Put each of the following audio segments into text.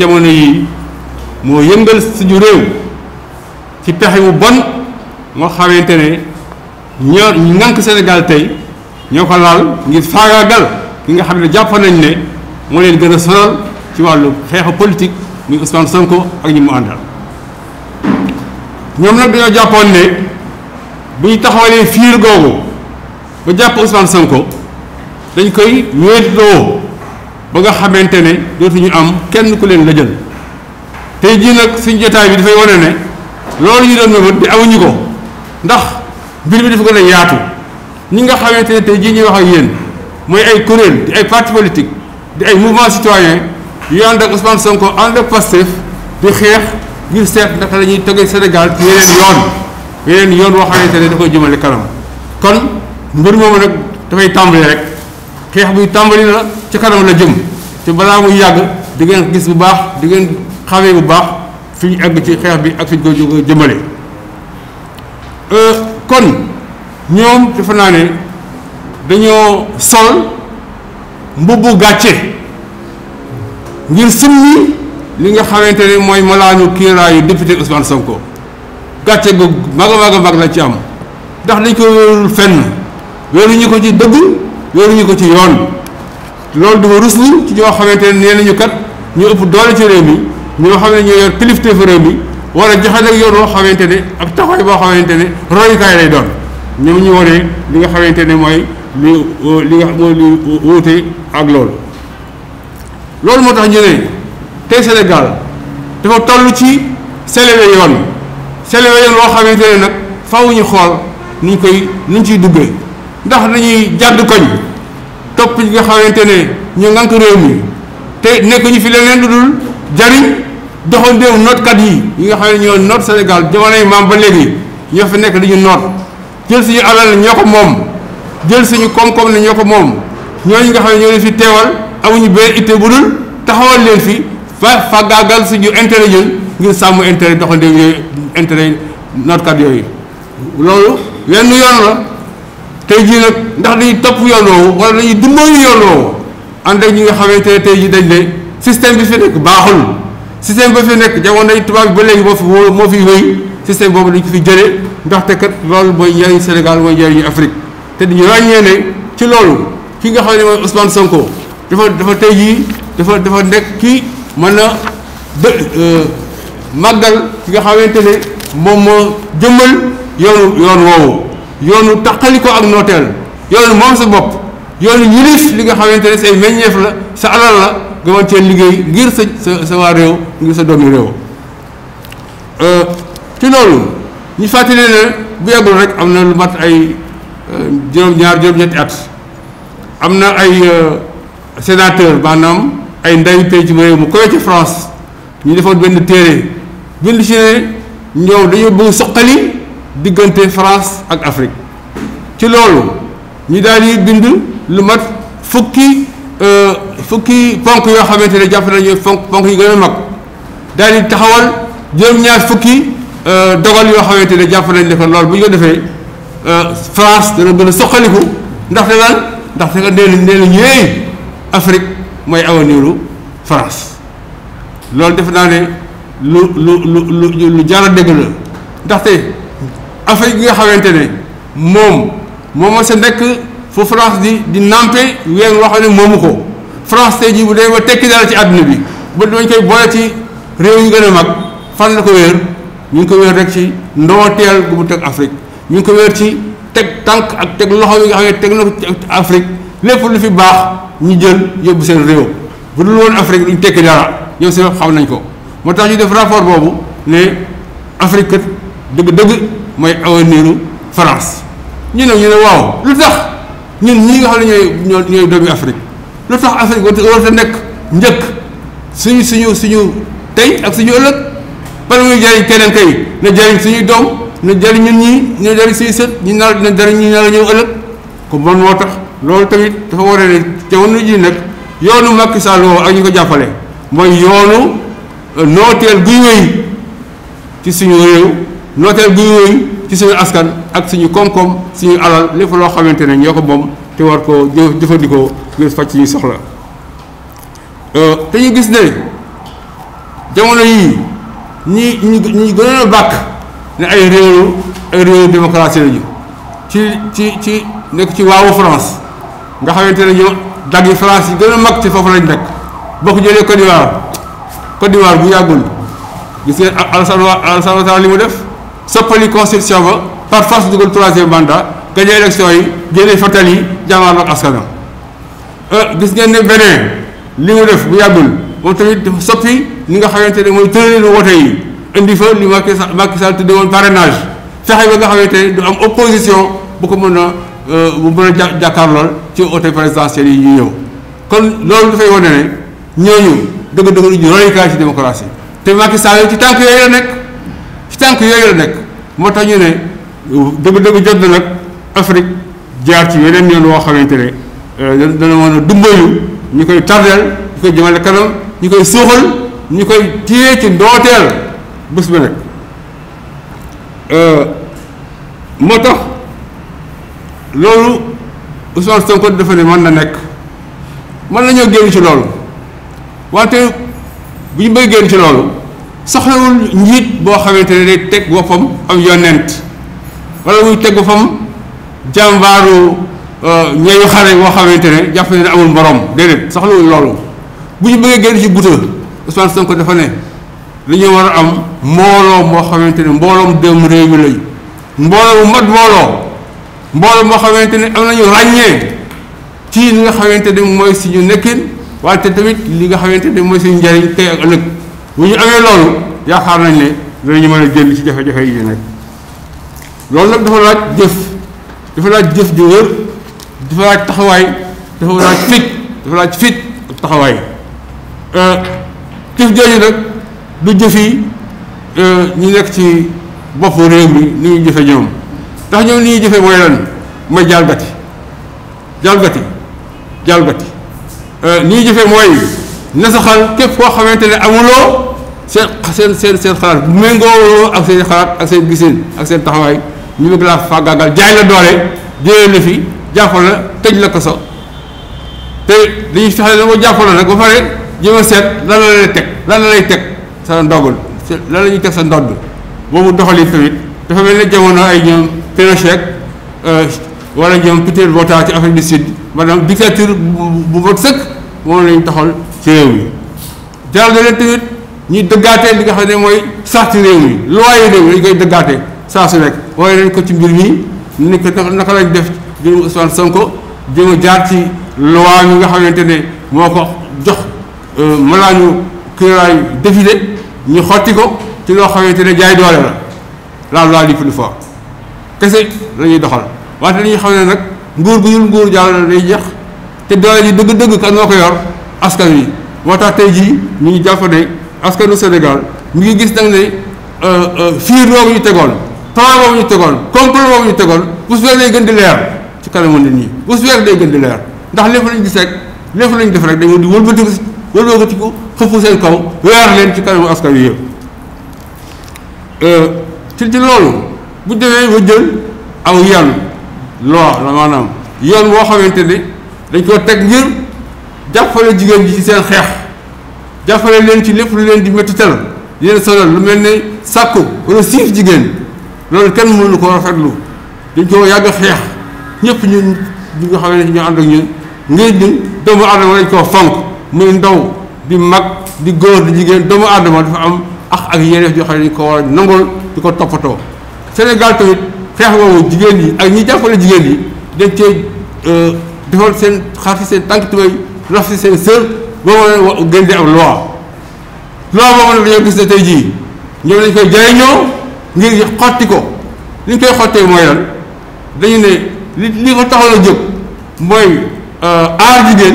jamono yi moo yëngal suñu réew ci pexe bu bon moo xamante ne ñoo ñu ngànk Sénégal tey ñoo ko laal ngir faagaagal ki nga xam ne jàpp nañ ne moo leen gën a sonal ci wàllu xeexu politique muy Ousmane Sonko ak ñi mu àndal. ñoom nag dañoo jàppoon ne bu ñu taxawalee fiir googu ba jàpp Ousmane Sonko dañ koy wéetloo ba nga xamante ne dootuñu am kenn ku leen la jël tey jii nag suñ jotaay bi dafay wane ne loolu ñu doon mëbët di amuñu ko ndax mbir bi dafa gën a yaatu ñi nga xamante ne tey jii ñuy wax ak yéen mooy ay kuréel di ay parti politique di ay mouvement citoyen yu ànd ak Ousmane Sonko en ak Pastef di xeex ngir seet naka la ñuy tegee Sénégal ci yeneen yoon yeneen yoon woo xamante ne da koy jëmale kanam kon mbir moomu nag dafay tàmbali rek xeex buy tàmbali la ci kanam la jëm te balaa muy yàgg di ngeen gis bu baax di ngeen xamee bu baax fi ñu egg ci xeex bi ak fi ñu ko jëmale euh, kon ñoom defe naa ne dañoo sol mbubbu gàcce ngir summi li nga xamante ne mooy malaanu kiiraayu député Ousmane Sonko gàcce goog mag a mag a mag la ci am ndax dañ ko wéerul fenn wéeruñu ko ci dëgg wéeruñu ko ci yoon loolu dafa ruslu ci ñoo xamante ne nee nañu kat ñu ëpp doole ci réew mi ñoo xam ne ñoo yor kilifteef réew mi war a joxe nag yoon woo xamante ne ak taxawaay boo xamante ne royukaay lay doon ñoom ñu wane li nga xamante ne mooy li li nga mooy li wuute ak loolu. loolu moo tax ñu ne tey Sénégal dafa toll ci selewe yoon selewe yoon woo xamante ne nag faaw ñu xool nuñ koy nuñ ciy duggee ndax dañuy jàdd koñ. topp ñi nga xamante ne ñu ngànk réew mi te nekk ñu fi leneen lu dul jariñ doxandéew notkat yi yi nga xam ne ñoo noot Sénégal jamonoy maam ba léegi ñoo fi nekk dañu noot jël suñu alal ñoo ko moom jël suñu koom-koom ne ñoo ko moom ñooñu nga xam ne ñoo leen fi teewal amuñu benn itte bu dul taxawal leen fi fa fàggaagal suñu intérêt ñun ngir sàmm intere intérêt doxandéew yooyu yi nootkat yooyu loolu wenn yoon la tey jii nag ndax dañuy topp yoon woowu wala dañuy dimbali yoon woowu ànd ak ñi nga xamante ne tey jii dañ ne système bi fi nekk baaxul système ba fi nekk jamonoy tubaab bi ba léegi moo fi moo fi wéy système boobu dañ ko fi jëlee ndaxte kat loolu mooy njëriñu Sénégal mooy njëriñu Afrique te dañu ràññee ne ci loolu ki nga xam ne mooy Ousmane Sonko dafa dafa tey jii dafa dafa nekk kii mën na dë euh, màggal ki nga xamante ne moom moo jëmmal yoonu yoon woowu. yoonu taqali ko ak nooteel yoonu moom sa bopp yoonu yilif li nga xamante ne say meññeef la sa alal la nga mën cee liggéey ngir sa sa sa waa réew ngir sa doomi réew euh, ci loolu ñu fàttali ne bu yàggul rek am na lu mat ay euh, juróom-ñaar juróom-ñetti at am na ay euh, sénateur maanaam ay ndayu penc ci réew mu koy ci France ñu defoon benn téere bind ci ne ñoom dañoo bëgg soqali diggante France ak Afrique ci loolu ñu daal di bind lu mat fukki euh, fukki ponk yoo xamante ne jàpp nañu ponk ponk yi gën a mag daal di taxawal jëm ñaar fukki euh, dogal yoo xamante ne jàpp nañ ne lool loolu bu ñu ko defee euh, France dana gën a soqaliku ndax daal ndax te nga nee nañ nee nañ yéey Afrique mooy awaniru France loolu def naa ne lu lu lu lu lu a dégg la ndaxte. Afrique bi nga xamante ne moom moom ma sa nekk fu France di di nampe ween woo ne moomu ko France tey jii bu dee ba tekki daal ci àdduna bi ba dañ koy ci réew yu gën a mag la ko wéer ngi ko wéer rek ci ndooteel gu mu teg Afrique ñu ngi ko wéer ci teg tànk ak teg loxo yi nga xam ne teg na ko Afrique lépp lu fi baax ñu jël yóbbu seen réew bu dul woon Afrique duñ tekki dara ñoom si xam nañ ko moo tax ñu def rapport boobu ne Afrique dëgg-dëgg mooy awaniru France ñu ne ñu ne waaw lu tax ñun ñii nga xam ne ñooy ñoo ñooy doomi Afrique lu tax Afrique war war a nekk njëkk suñu suñu suñu tey ak suñu ëllëg bala muy jëriñ keneen kay na jëriñ suñu doom na jëriñ ñun ñu na jëriñ suñu sët ñu naan na jëriñ ñu naan ñëw ëllëg ko man moo tax loolu tamit dafa war a ne jamono ji nag yoonu Macky Sall woowu ak ñu ko jàppale mooy yoonu euh, nooteel guy wéy ci suñu réew nooteel guy wéy ci suñu askan ak suñu koom-koom suñu alal lépp loo xamante ne ñoo ko moom te war ko jëfandikoo ngir faj suñu soxla te ñu gis ne jamono yii ñi ñu ñu gënoon a bàkk ne ay réew ay réew démocratie lañu ci ci ci nekk ci waawu France nga xamante ne ñoo dag France yi gën a mag ci foofu lañ nekk boo ko jëlee Côte d'Ivoire Côte d'Ivoire bu yàggul gis ngeen Alassane Ouattara li mu def soppali constitution ba par force dugal troisième mandat gañe élection yi génne Fatali yi jàmmaarloo ak askanam euh, gis ngeen ne beneen li mu def bu yàggul moom tamit dafa soppi li nga xamante ne mooy tëralinu wote yi indi fa li Macky Sall Macky Sall tudde woon parrainage fexe ba nga xamante ne du am opposition bu ko mën a euh, bu mën a jà jàkkaarlool ci wote présidentielle yi ñu ñëw kon loolu dafay wane ne ñooñu dëgg-dëgg ñu royukaay ci démocratie te Macky Sall ci tànk yooyu la nekk. ci tànk yooyu la nekk moo tax ñu ne dëgg-dëgg jot nag Afrique jaar ci yeneen yoon woo xamante ne euh, dana mën a ñu koy tardeel ñu koy jëmale kanam ñu koy suuxal ñu koy téye ci ndooteel bés ba nekk euh, moo tax loolu Ousmane Sonko dafa mën na nekk mën nañoo génn ci loolu wante bu ñu bëgg génn ci loolu soxlawul njiit boo xamante ne day teg boppam am yonent wala muy teg boppam jàmbaaru euh, ñeyu xare boo xamante ne jàpp ne amul moroom déedéet soxlawul loolu bu ñu bëggee génn ci guta Ousmane Sonko dafa ne dañoo war a am mbooloo moo xamante ne mbooloom dem réew mi lañ mbooloo bu mat mbooloo mbooloo moo xamante ne am nañu ràññee ci li nga xamante ne mooy si suñu nekkin wante tamit li nga xamante ne mooy suñu njariñ tey ak ëllëg bu ñu amee loolu yaakaar nañ ne dinañu mën a génn ci jafe-jafe yi nekk loolu nag dafa laaj jëf dafa laaj jëf ju dafa laaj taxawaay dafa laaj fit dafa laaj fit ak taxawaay euh, jëf jooju nag du jëf euh, ñu nekk ci bopp réew mi ni ñuy jëfe ñoom ndax ñoom ni ñuy jëfe mooy lan mooy jalgati jalgati jalgati euh, ni ñuy jëfe mooy nasaxal képp koo xamante ne amuloo seen seen seen seen xalaat bu méngoowuloo ak seen xalaat ak seen gisin ak seen taxawaay ñu bëgg laa fàggaagal jaay la doole jëlee la fi jàppal la tëj la kaso te dañuy fexe ne boo jàppal la nag ba pare jéem seet lan la lay teg lan la lay teg sa ndogal lan lañuy ñuy teg sa ndodd boobu doxali tamit dafa mel ne jamono ay ñoom Pinochet euh, wala ñoom Pitié Bota ci Afrique du Sud maanaam dictature bu bu bët sëkk moom lañu taxal ci réew mi jaral na leen ñuy dëggaatee li nga xam ne mooy sarti réew mi loi yi réew mi dañ koy dëggaatee saa su waaye leen ko ci mbir mi nekk ko naka lañu def jëm son Sonko jëm a jaar ci loi nga xamante ne moo ko jox euh, malaañu kiraayu ñu xotti ko ci loo xamante ne jaay doole la la loi du plus kese la doxal wante li ñu xam ne nag nguur gu yul nguur jàll na day jeex te doole ji dëgg-dëgg kan moo ko yor askan wi moo tax tey jii ñu ngi jàpp ne askanu Sénégal mu ngi gis nag ne euh, euh, fiir boobu ñu tegoon plan boobu ñu tegoon complot boobu ñu tegoon pousse vert day gën di leer ci kanamu nit ñi pousse vert day gën di leer ndax lépp lañ gis rek lépp lañ def rek dañoo di wëlbatiku wëlbatiku xëpp seen kaw weer leen ci kanamu askan wi yëpp euh, ci ci loolu bu demee ba jël aw yan loi maanaam yoon woo xamante ne dañ koo teg ngir jàppale jigéen ji ci seen xeex jàppale leen ci lépp lu leen di méttital di leen sonal lu mel ne sàkku wala siif jigéen loolu kenn mënuñu ko rafetlu dañ ko yàgg xeex ñëpp ñun ñi nga xam ne ñu ànd ak ñun ngir ñun doomu aadama dañ koo fonk muy ndaw di mag di góor di jigéen doomu aadama dafa am ax ak yeneen yoo xam ne dañ ko war a nangul di ko toppatoo Sénégal tamit xeex woowu jigéen yi ak ñi jàppale jigéen yi dañ cee euh, defal seen xar ci seen tànk tubéy ndax si seen sër boobu gën di am loi loi boobu nag dañoo gis ne tey jii ñoom lañ koy jariñoo ngir xotti ko li ñu koy xottee mooy lan dañu ne li li ko taxaw a jóg mooy euh, aar jigéen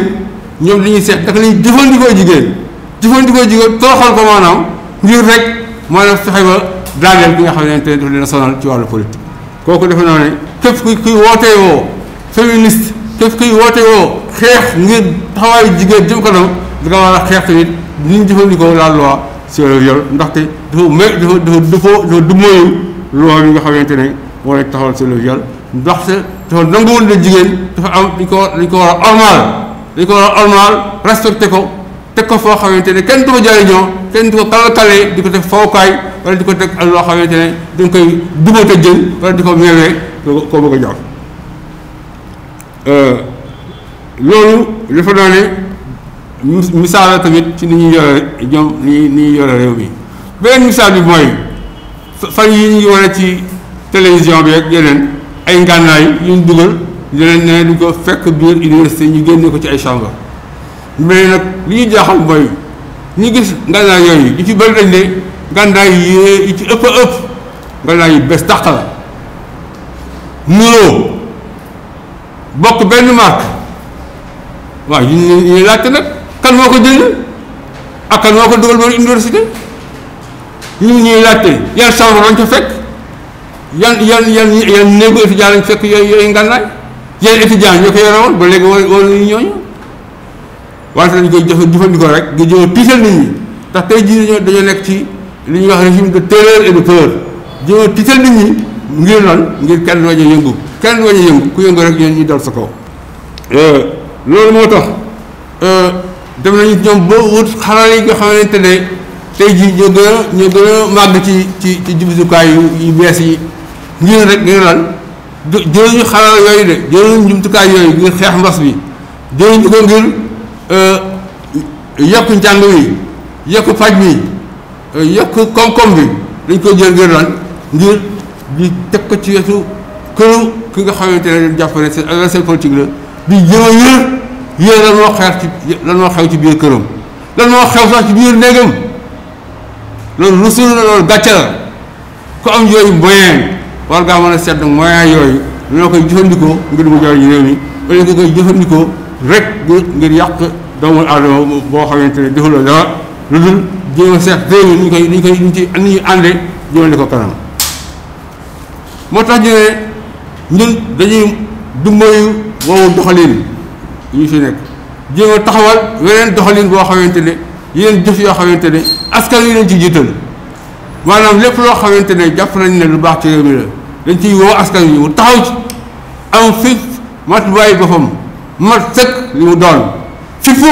ñoom dañuy seet naka la ñuy jëfandikoo jigéen jëfandikoo jigéen tooxal ko maanaam ngir rek maanaam fexe ba daaneel bi nga xam ne dafa leen sonal ci wàllu politique. kooku defe naa ne képp kuy kuy wootee woo féministe. képp kuy woote woo xeex ngir taxawaayu jigéen jëm kanam da nga war a xeex tamit ni ñu jëfandikoo la loi sur le viol ndaxte dafa mé dafa dafa dafa dafa du mooyu nga xamante ne moo nekk taxawal sur le viol ndaxte dafa nanguwul ne jigéen dafa am dañ ko dañ ko war a ormal dañ ko war a ormal respecté ko teg ko foo xamante ne kenn du ko jariñoo kenn du ko kalakalee di ko teg fawukaay wala di ko teg ak loo xamante ne dañ koy dugate jël wala di ko meewee ko bëgg a jàpp Euh, loolu dafa doone misaal la tamit ci ni ñuy yore ñoom ni ñuy yore réew mi beneen misaal bi mooy fan yi ñu ngi wane ci télévision bi ak yeneen ay ngànnaay yu ñu dugal yeneen ne du ko fekk biir université ñu génne ko ci ay chambre mais nag li ñu jaaxal mooy ñu gis ngànnaay yooyu li ci bari dañ ne ngànnaay yi ci ëpp a ëpp ngànnaay yu bees tàq la nuroo bokk benn marque waa ñu ñu ñu nag kan moo ko jënd ak kan moo ko dugal ba université ñu ñuy laajte yan sawar lañ ca fekk yan yan yan yan néegu étudiant lañ fekk yooyu yooyu ngànnaay yan étudiant ñoo ko yore woon ba léegi woo woo nañu ñooñu wante dañ koy jëf jëfandikoo rek nga jëm tiital nit ñi ndax tey jii dañoo nekk ci li ñuy wax régime de terreur et de peur jëm tiital nit ñi ngir lan ngir kenn wañ yëngu. kenn wañu yëngu ku yëngu rek ñun ñu dal sa kaw euh, loolu moo tax euh, dem nañu ñoom ba wut xarala yi nga xamante ne tey jii ñoo gën a ñoo gën a màgg ci ci ci yu bees yi ngir rek ngir lan jëluñu xarala yooyu de jëluñu jumtukaay yooyu ngir xeex mbas bi jëluñu ko ngir euh, yokk njàng bi yokk faj bi yokk koom-koom bi dañ ko jël ngir lan ngir ñu teg ko ci wetu këru ki nga xamante ne dañu jàpp ne seen adversaire politique la di jëma yër yéen lan moo xeex ci lan moo xew ci biir këram lan moo xew sax ci biir néegam loolu rusul la loolu gàcce la ku am yooyu moyen war ngaa mën a seet nag moyen yooyu ñoo koy jëfandikoo ngir mu jëriñ réew mi wala koy jëfandikoo rek ngir yàq doomu aadama boo xamante ne defuloo dara lu dul jéem a seet koy ñu koy ñu ci ñu ko kanam moo tax ñu ñun dañuy du mooyu woowu doxalin ñu fi nekk jéem taxawal weneen doxalin boo xamante ne yeneen jëf yoo xamante ne askan wi lañ ci jiital maanaam lépp loo xamante ne jàpp nañ ne lu baax ci mi la dañ ciy woo askan yu mu taxaw ci am fit matuwaay boppam mat sëkk li mu doon fippu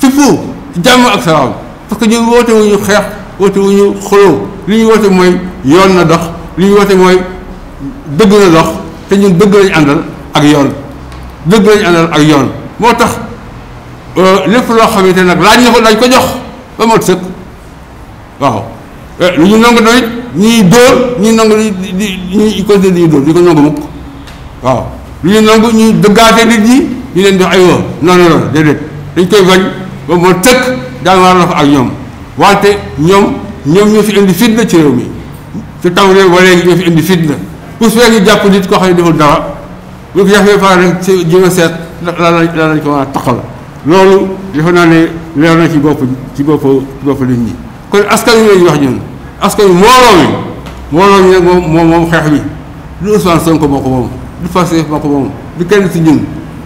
fippu ci jàmm ak salaam parce que ñun woote wuñu xeex woote ñu xuloo li ñu woote mooy yoon na dox li ñu woote mooy dëgg na dox te ñun dëgg lañu àndal ak yoon dëgg lañu àndal ak yoon moo tax euh, lépp loo xamante nag laaj na ko laaj ko jox ba mot sëkk waaw euh, lu ñu nangu doon it ñuy dóor ñuy nangu di di ñuy continuer di ñu dóor di ko nangu mukk waaw lu ñu nangu ñuy dëggaate nit ñi ñu leen jox ay woo non non non dañ koy wañ ba mot sëkk daan war la fa ak ñoom wante ñoom ñoom ñoo fi indi fitna ci réew mi ci taw réew ba léegi ñoo fi indi fitna pour su fekkee jàpp nit koo xam ne deful dara bu ko jafee faa rek ci jéem a seet la la lañ defe naa ne leer na ci bopp ci bopp ci kon askan wi lañuy wax ñun askan wi mbooloo mi mbooloo mi moom xeex bi du Ousmane Sonko moo ko moom du ko moom du kenn ci ñun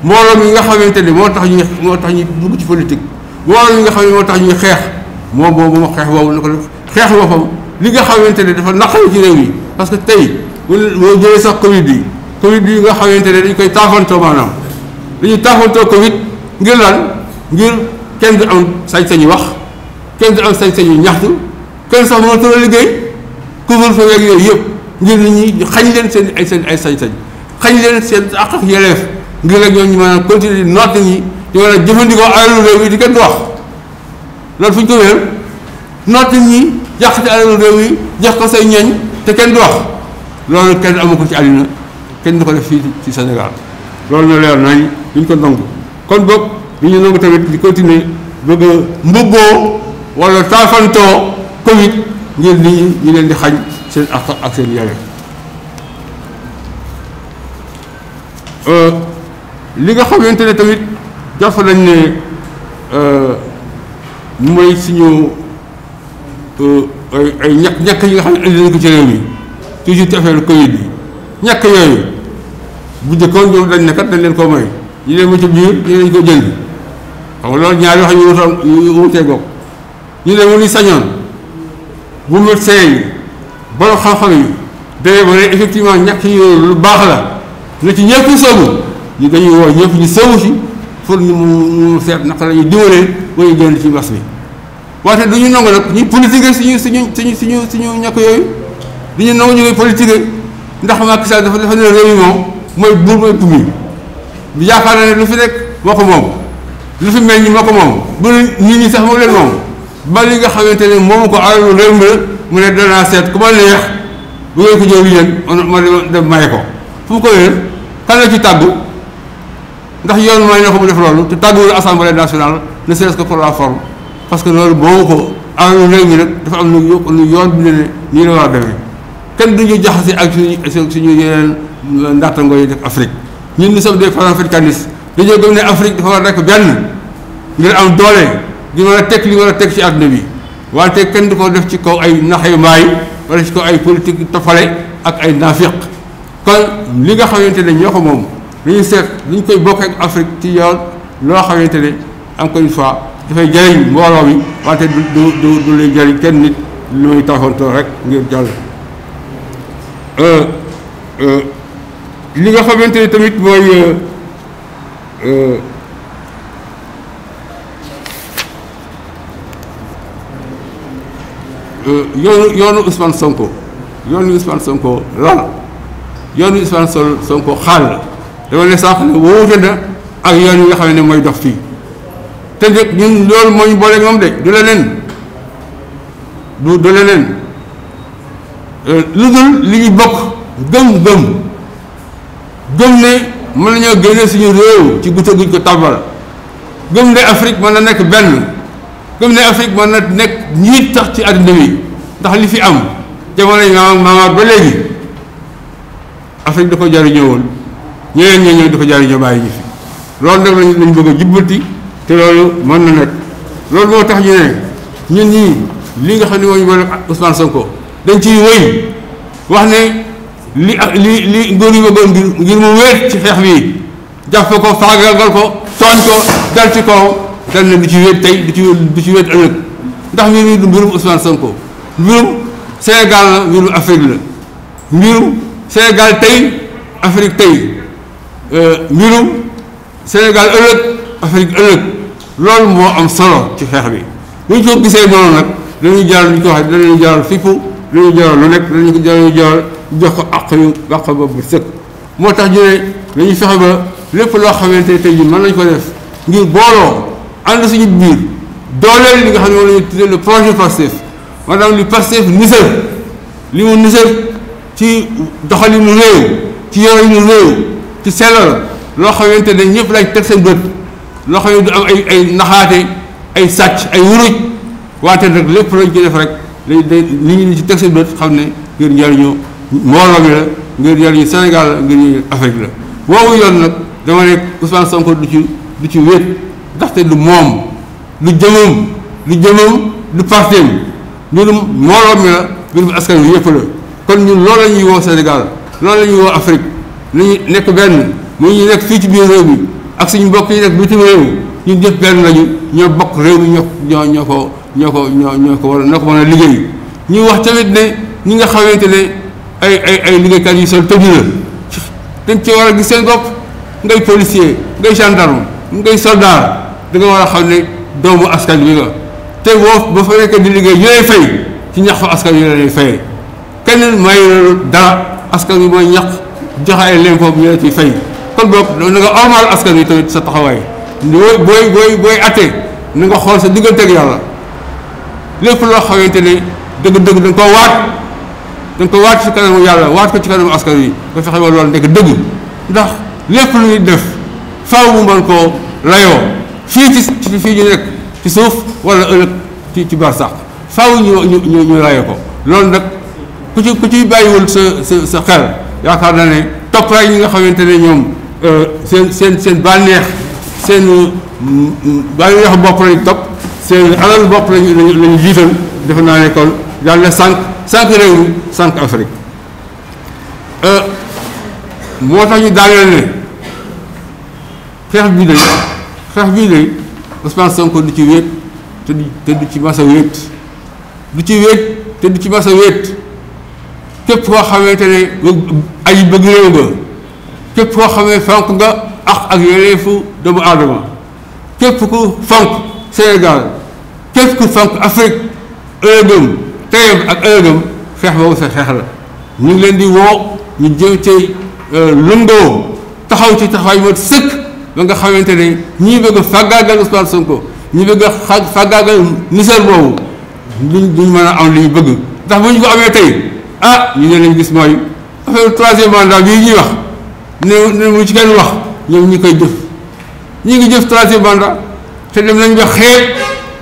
mbooloo mi nga xamante ne moo tax ñuy moo tax ci politique mbooloo mi nga xam ne moo tax ñuy xeex na ko xeex boppam li nga xamante ne dafa naqari ci réew mi parce que tey bu ñu jëlee sax Covid bi Covid bi nga xamante ne dañ koy taafantoo maanaam dañuy taafantoo Covid ngir lan ngir kenn du am sañ-sañu wax kenn du am sañ-sañu ñaxtu kenn sax mënatoo la liggéey couvre-feu yeeg yooyu yëpp ngir nit ñi xañ leen seen ay seen ay sañ-sañ xañ leen seen àq ak yelleef ngir nag ñoom ñu a continuer di noot ñi di jëfandikoo alalu réew yi di kenn du wax loolu fu ñu ko wéer noot ñi yàq ci alalu réew yi jox ko say ñeñ te kenn du wax. loolu kenn amu ko ci àddina kenn du ko def fii ci Sénégal loolu na leer nañ duñ ko nangu kon boog duñu nangu tamit di continuer bëgg a mbubboo wala ñi ñu leen di xañ seen ak euh, li nga xamante ne tamit jàpp lañ ne euh, mooy suñu euh, ay ay ñàkk ñàkk yi nga xam ne indi nañ ko ci réew mi toujours ci affaire Covid bi ñàkk yooyu bu njëkkoon ñoom dañ ne kat dañ leen koo may ñu leen ma ci biir ñu leen ko jënd xam loolu ñaari ñu wut ñu ñu ne mu sañoon bu médecin yi borom xam-xam yi demee ba ne effectivement ñàkk yooyu lu baax la na ci ñëpp soobu ñu dañuy woo ñëpp ñu soobu si pour ñu mu seet naka la ñuy dimbalee ba ñu génn ci mbas bi wante du ñu nangu nag ñu politiquer suñu suñu suñu suñu suñu ñàkk yooyu. du ñu nangu ñu koy politique ndax Macky Sall dafa dafa ne réew mi moom mooy buur mooy pumi bi yaakaar na ne lu fi nekk moo ko moom lu fi mel ni moo ko moom bu ñi sax moom leen moom ba li nga xamante ne moomu ko alalu réew mi seet ku ma ko jëw dem maye ko fu mu ko yéen kan ci tàggu ndax yoon may na ko mu def loolu te tàgguwul assemblée nationale ne serait-ce que pour la parce que loolu moomu ko alalu réew mi nag dafa am lu yoon bi ne nii la war a demee kenn du ñu jaxase ak suñu suñu yeneen ndaxtango yi def Afrique ñun nous sommes des panafricanistes dañoo gëm ne Afrique dafa war a nekk benn ngir am doole di war a teg li war a teg ci àdduna bi wante kenn du ko def ci kaw ay naxay mbaay wala ci kaw ay politique toppale ak ay naafiq kon li nga xamante ne ñoo ko moom dañuy seet lu ñu koy bokk Afrique ci yoon loo xamante ne encore une fois dafay jëriñ mbooloo bi wante du du du du lay jëriñ kenn nit lu muy taxawantoo rek ngir jàll. Euh, euh, li nga xamante ni tamit mooy euh, yoonu yoonu Ousmane Sonko yoonu Ousmane Sonko lan yoonu Ousmane Sonko xaal la dama ne sànq ne wóote na ak yoon yi nga xam ne mooy dox fii te nag ñun loolu moo ñu boole moom de du leneen du du leneen. Euh, lu dul li ñu bokk gëm-gëm gëm ne mën nañoo génne suñu réew ci guddi guñ ko tàmbal gëm ne Afrique mën na nekk benn gëm ne Afrique mën na nekk ñiit tax ci àddina wi ndax li fi am jamono yi maam maamaat ba léegi Afrique da ko jariñoo woon ñeneen ñoo ñëw da ko jariñoo bàyyi ñu fi loolu nag lañ lañ bëgg a te loolu mën na nekk loolu moo tax ñu ne ñun ñii li nga xam ne moo ñu boole Ousmane Sonko. dañ ci wëy wax ne li li li ngóor yi bëggoon ngir ngir mu wéet ci xeex bi jàpp ko faagagal ko tooñ ko dal ci kaw dal ne du ci wéet tey du ci du ci wéet ëllëg ndax mbir mi du mbirum Ousmane Sonko mbirum Sénégal la mbirum Afrique la mbirum Sénégal tey Afrique tey euh, mbirum Sénégal ëllëg Afrique ëllëg loolu moo am solo ci xeex bi bu ñu ko gisee noonu nag dañuy jaar lu ñu ko waxee dañuy jaar fippu lu ñu lu nekk danañ ko danañ joor jox ko àq yu àq boobu bu sëkk moo tax ñu ne dañuy fexe ba lépp loo xamante ne tey jii mën nañ ko def ngir booloo ànd suñu biir dooleel li nga xam ne moom la ñu tuddee le projet Pastef maanaam li Pastef nisal li mu nisal ci doxalinu réew ci yorinu réew ci sellal loo xamante ne ñëpp lañ teg seen bët loo xam du am ay ay naxaate ay sàcc ay wuruj wante nag lépp lañ ci def rek day day nit ñi teg seen bët xam ne ngir njëriñu mbooloo mi la ngir njëriñu Sénégal la ngir njëriñu Afrique la woowu yoon nag dama ne Ousmane Sonko du ci du ci wéet ndaxte du moom lu jëmam lu jëmam du parteem ñun mbooloo mi la askan wi yëpp kon ñun woo Sénégal loolu la ñuy woo Afrique nañu nekk benn mu ñu nekk fii ci biir réew mi ak suñu mbokk yi nekk bitim réew ñun ñëpp benn lañu ñoo bokk réew mi ñoo ñoo ñoo ñoo ko ñoo ñoo ko war a ñoo ko mën a liggéey ñu wax tamit ne ñi nga xamante ne ay ay ay liggéeykat yu sol tëju la dañ ci war a gis seen bopp ngay policier ngay gendarme ngay soldat da nga war a xam ne doomu askan bi nga te boo ba fa nekk di liggéey ñu lay fay ci ñax fa askan wi la lay fayee kenn may dara askan wi mooy ñax joxe ay l'impôt ñu la ciy kon boobu na nga ormal askan wi tamit sa taxawaay booy booy booy atte na nga xool sa digganteeg yàlla. lépp loo xamante ne dëgg-dëgg dañ ko waat dañ ko waat ci kanamu yàlla waat ko ci kanamu askan wi ba fexe loolu nekk dëgg ndax lépp luy def faw mu mën koo layoo fii ci fii ñu nekk ci suuf wala ëllëg ci ci barsàq faaw ñu ñu ñu layoo ko loolu nag ku ci ku ciy bàyyiwul sa sa sa xel yaakaar na ne topp rek ñi nga xamante ne ñoom euh, seen seen seen bànneex seen mm, mm, bànneexu bopp lañ topp seen alal bopp lañu lañu jiital defe naa ne kon yàlla na sànq sànq réew mi sànq Afrique euh, moo tax ñu daaneel ne xeex bii day xeex bii day Ousmane Sonko du ci wéet te du ci masa wéet du ci wéet te du képp koo xamante ne ay bëgg réew nga képp koo xamee fonk nga ak ak yelleefu doomu aadama képp ku fonk Sénégal képp ku fonk Afrique ëllëgëm tayam ak ëllëgëm xeex boobu sa xeex la ñu ngi leen di woo ñu jëm ci euh, lëndoo taxaw ci taxawaay mat sëkk ba nga xamante ne ñu bëgg a fàggaagal Ousmane Sonko ñi bëgg a xa fàggaagal nisal boobu duñ duñ mën a am li ñu bëgg ndax bu ñu ko amee tey ah ñu ne lañ gis mooy affaire troisième mandat bii ñuy wax ne ne mu ci kenn wax ñoom ñi koy jëf ñi ngi jëf troisième mandat te dem nañ ba xeet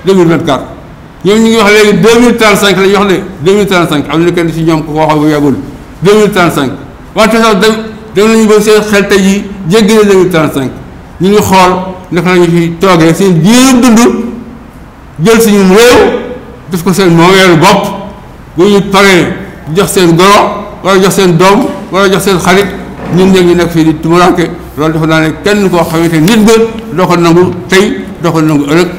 2024 ñoom ñu ngi wax léegi 2035 la ñu wax ne 2035 am na kenn ci ñoom ko waxoon bu yàggul 2035 wante sax dem dem nañu ba seen xel tey jii jéggi na 2035 ñu ngi xool naka la ñu fi toogee seen jiiru dund jël suñu réew def ko seen moomeelu bopp bu ñu paree jox seen goro wala jox seen doom wala jox seen xarit ñu ñoo ngi nekk fii di tumuraanke loolu dafa naa ne kenn koo xamante nit nga doo ko nangu tey doo ko nangu ëllëg